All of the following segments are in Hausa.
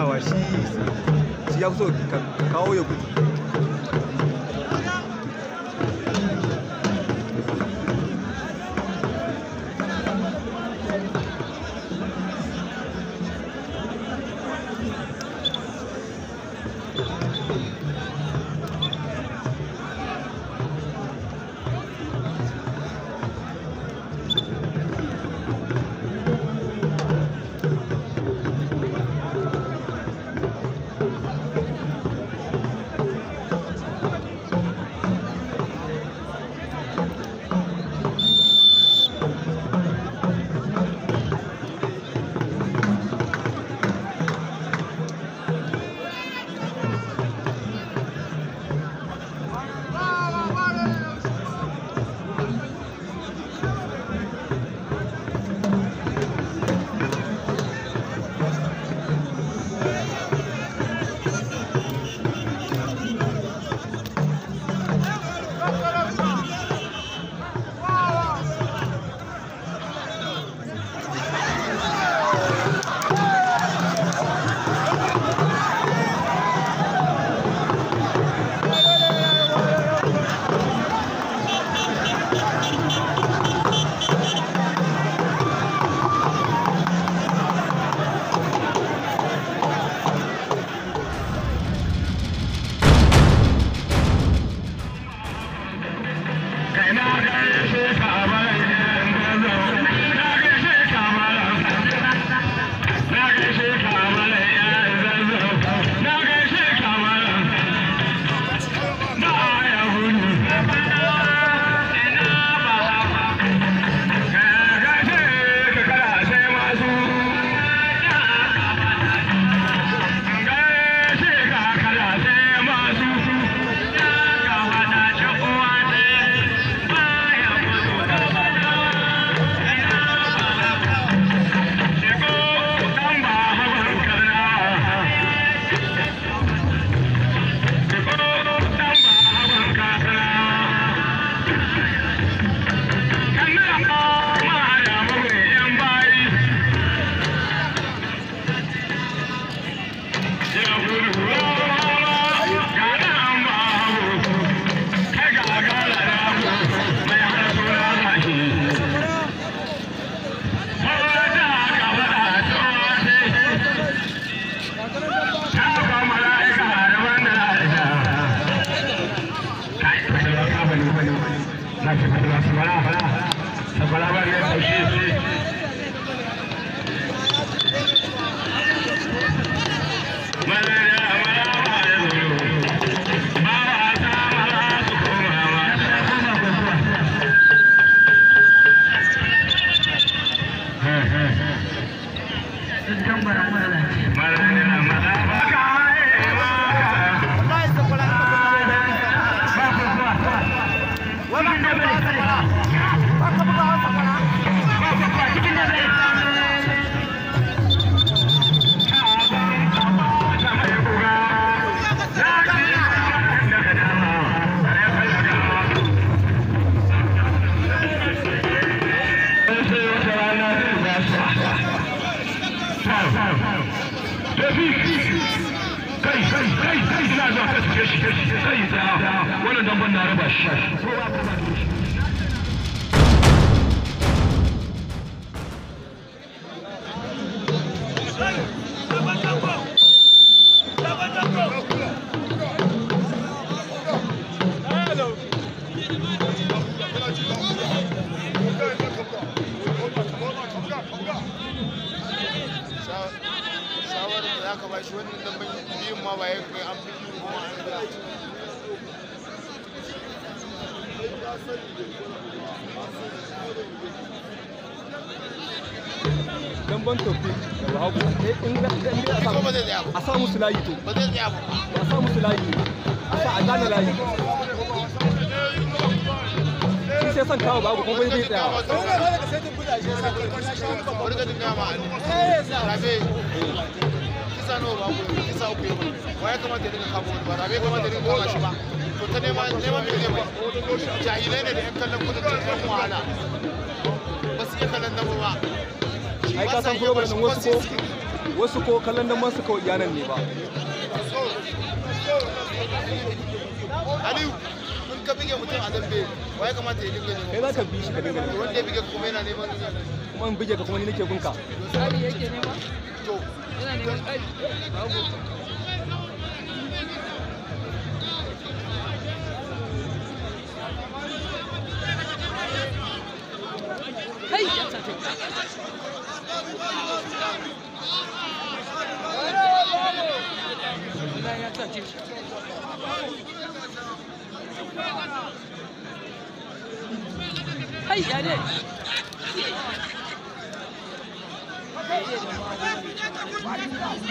tsayawa shi ya fi so ka kawo ya gudu tafi kai kai kai kai ina zuwa kai kai kai kai kai kai kai kai kai kai shi wannan ma ba an fi kuma an tofi da in ga a musu layi to ba zai tsaya ba a musu layi a sa a gane layi shi sai kawo babu bai tsaya ba kisa nawa ba ku kisa uku yau kama wani ba jahilai ne da kallon da ba ba ai ka san kuma barin wasu ko wasu ko kallon dama kawai yanan ne ba Aliyu in ka bige mutum a dambe wa ya kamata ya dinga neman kai za ka bi shi ka dinga neman wanda ya bige kuma yana neman kuma in bige ka kuma ni nake gunka to yana neman ƙari babu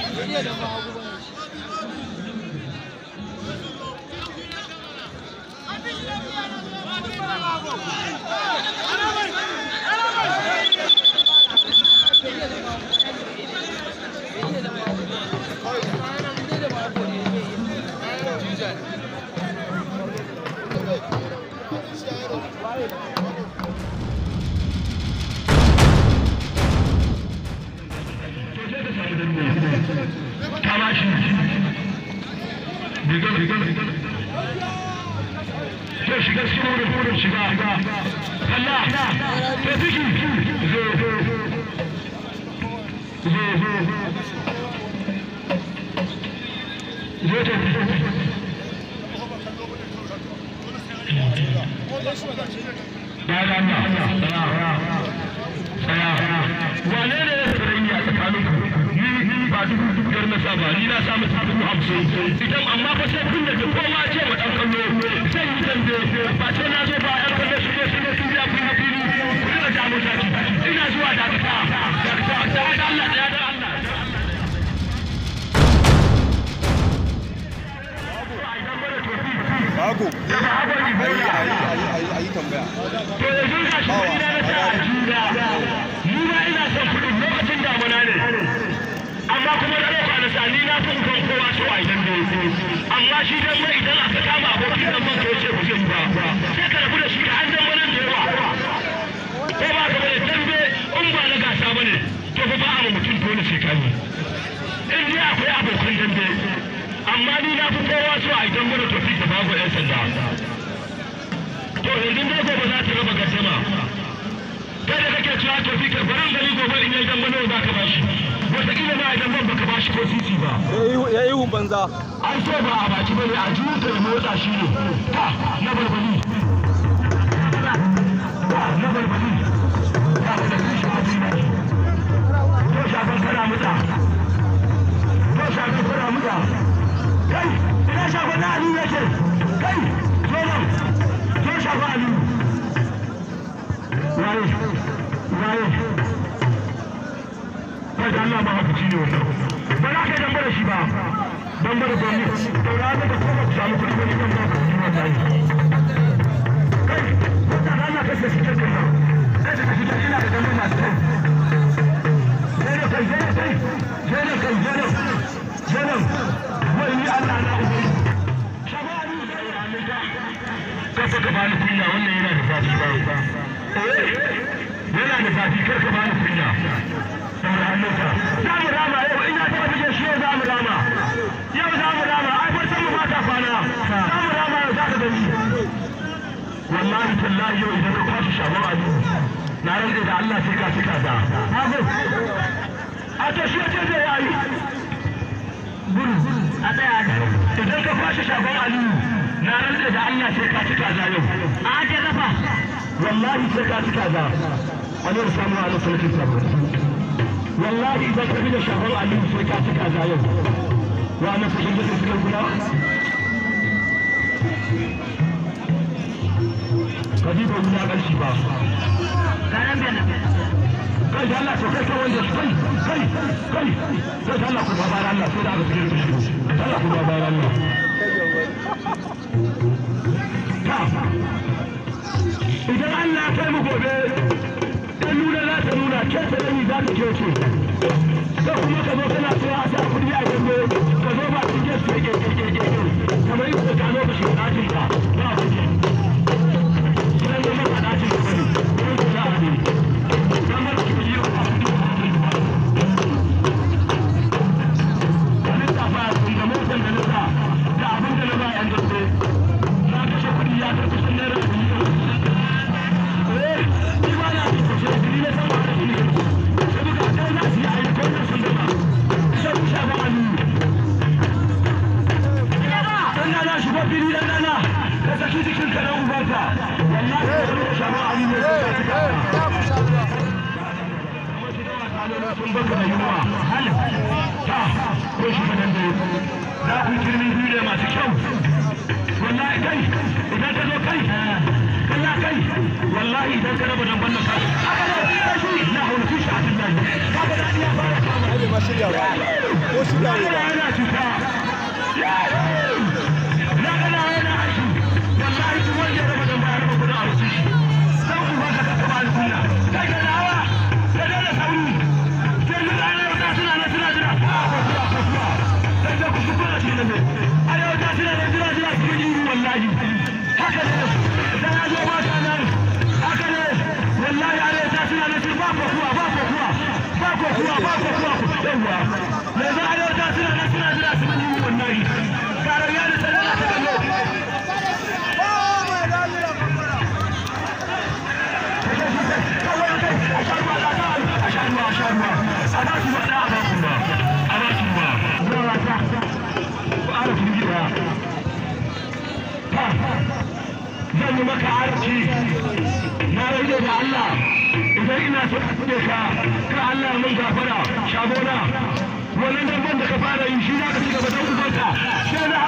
Thank you. Tabashi. Diga, diga, Allah, Wane ne ya ba dubu dubu da na ba ni na samu ta dubu hamsin idan amma fa sai kun da kowa ce wa ɗan kallo zan yi zan je ba ce na zo ba ɗan kallo shi ne shi ne sun ya fi na fili ku da jamu ta ina zuwa da ta sai ka rabu da su da an zama da yawa ko ba ka bane dambe in na gasa bane to fa ba a mutum dole sai ka yi akwai abokan dambe amma ni na fi kowa so a idan gwada tofi da babu yan sanda to yanzu dai gobe za ta raba gaddama kai da kake cewa tofi ka barin gari gobe in yi dangano za ka ba shi wataƙila ma idan ban baka bashi ko sisi ba ya yi banza an so ba a baki bane a juka da motsa shi ne ta na barbali na barbali ta da shi a jini to shafan kana muta to shafan kana muta kai ina shafan na aliyu yake kai to nan to shafan aliyu waye waye tsakaninka da Allah ba ne wannan ba za ka yi damba da shi ba damba da gwamnati daura da kuma ba ku samu kuɗi ba ne kan ba ku yi wannan kai wata rana ka sai cikin kan kai da kashi dan ina da damba masu kai zai kai zai kai zai kai zai zai wai ni Allah na ubangi kasa ka bani kunya wannan yana da zafi ba eh, yana da zafi kar ka bani kunya za mu yau ina shi za mu yau za mu mu kwana za mu yau za ka wallahi tallahi yau idan ka kwashe shagon abu na rantsa da Allah sai ka fi kaza a ta shi yake zai yayi guru a tsaya idan ka kwashe shagon abu na rantsa da Allah sai ka fi kaza yau a ta gafa wallahi sai ka fi kaza wani samu a lokacin samu wallahi idan ka bi da shafar aliyu sai ka ci kaza yau wa na fashin guda ka ji ba kai da Allah to kai ka wanda kai kai kai kai da Allah ku babar Allah sai da aka da kai mu gobe ta nuna za ta nuna kyan ta za ta kyauce ka kuma ka zo kana sai a sa kai Allah kai wallahi idan ka raba dan banna kai aka da ya shi na hawo shi a cikin ka ga dadi ya fara kama ba shirya ba ko shirya ba yanzu adarta suna nan suna jira su kan ya da Allah idan ina a ka Allah shabo wannan damban da ka fara yi shi za ka ci gaba da ubanka sai na